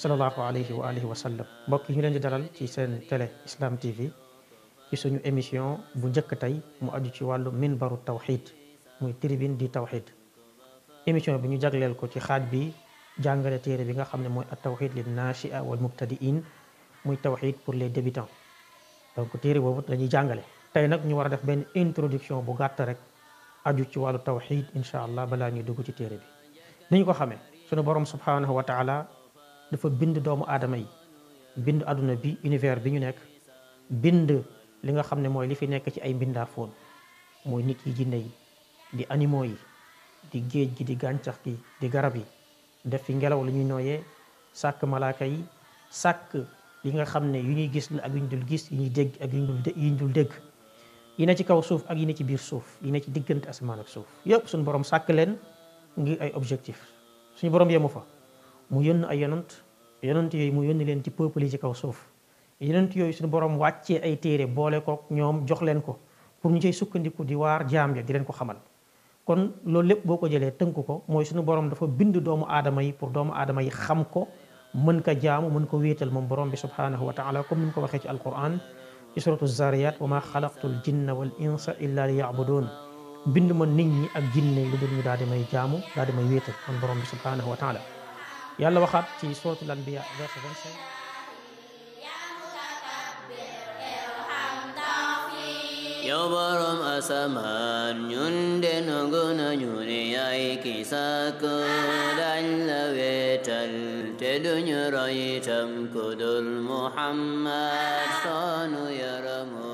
sallallahu alayhi wa alihi wa sallam mbokk ñu leen di dalal ci seen télé Islam TV ci suñu émission bu njëkk tey mu aju ci wàllu minbaru tawhid muy tribune di tawxid émission bi ñu jagleel ko ci xaaj bi jàngale téere bi nga xam ne mooy at tawxid lil nachia wal mubtadiin muy tawxid pour les débutants donc téere boobu dañuy jàngale tey nag ñu war a def benn introduction bu gàtt rek aju ci wàllu tawxid incha allah balaa ñuy dugg ci téere bi ni ñu ko xamee suñu borom subhanahu wa taala dafa bind doomu aadama yi bind aduna bi univers bi ñu nekk bind li nga xam ne mooy li fi nekk ci ay mbindaafoon mooy nit yi jinne yi di animaux yi di géej gi di gàncax gi di garab yi def fi ngelaw li ñuy nooyee sàkk malaaka yi sàkk li nga xam ne yu ñuy gis ak yu ñu dul gis yu ñuy dégg ak yu ñu dul dégg yi ne ci kaw suuf ak yi ne ci biir suuf yi ne ci diggante ak suuf yëpp suñu borom sàkk leen ngir ay objectif suñu borom yemu fa mu yónn ay yonant yonant yooyu mu yónni leen ci peuple ci kaw suuf yonant yooyu suñu borom wàccee ay téere boole ko ñoom jox leen ko pour ñu sukkandiku di waar jaam ya di leen ko xamal kon loolu lépp boo ko jëlee tënk ko mooy suñu borom dafa bind doomu aadama yi pour doomu aadama yi xam ko mën ko jaamu mën ko wéetal moom borom bi subhanahu wa taala comme ni mu ko waxee ci alquran ci suratu zariyat wa ma xalaqtul jinna wal insa illa li yabudun bind ma ñi ak jinne lu ñu daal di may jaamu daal di borom bi subhanahu wa yàlla waxaat ci sooratul anbiya verset 25 yow borom asamaan ñun de nangu nañu ne la weetal te duñu roy itam Muhammad sonu yaramu